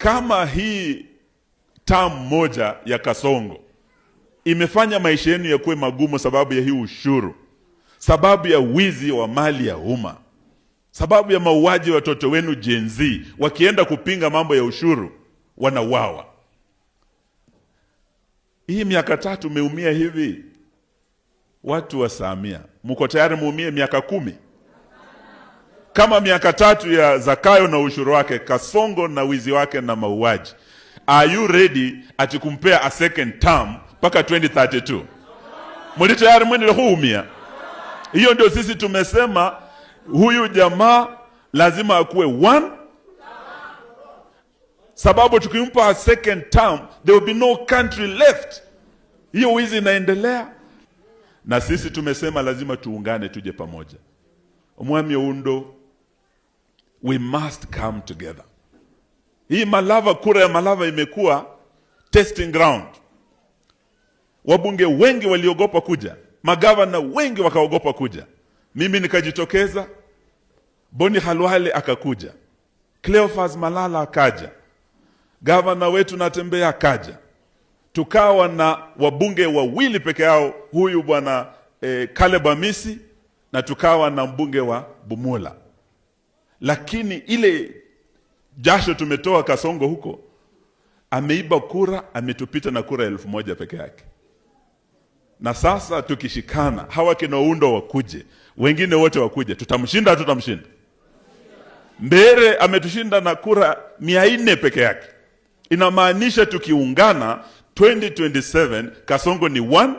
Kama hii tam moja ya Kasongo imefanya maisha yenu yakuwe magumu sababu ya hii ushuru, sababu ya wizi wa mali ya umma, sababu ya mauaji ya watoto wenu Gen Z wakienda kupinga mambo ya ushuru wanauawa. Hii miaka tatu umeumia hivi, watu wa Samia, mko tayari muumie miaka kumi? kama miaka tatu ya Zakayo na ushuru wake, kasongo na wizi wake na mauaji. Are you ready ati kumpea a second term mpaka 2032? Muli tayari mwene huumia? Hiyo ndio sisi tumesema huyu jamaa lazima akuwe one, sababu tukimpa a second term there will be no country left. Hiyo wizi inaendelea, na sisi tumesema lazima tuungane, tuje pamoja. Mwami oundo we must come together. Hii Malava, kura ya Malava imekuwa testing ground. Wabunge wengi waliogopa kuja, magavana wengi wakaogopa kuja. Mimi nikajitokeza, Boni Halwale akakuja, Cleophas Malala akaja, gavana wetu Natembeya akaja, tukawa na wabunge wawili peke yao, huyu bwana eh, Caleb Amisi na tukawa na mbunge wa Bumula lakini ile jasho tumetoa Kasongo huko ameiba kura, ametupita na kura elfu moja peke yake. Na sasa tukishikana, hawa kina Undo wakuje, wengine wote wakuje, tutamshinda, tutamshinda. Mbere ametushinda na kura mia nne peke yake, inamaanisha tukiungana 2027 Kasongo ni one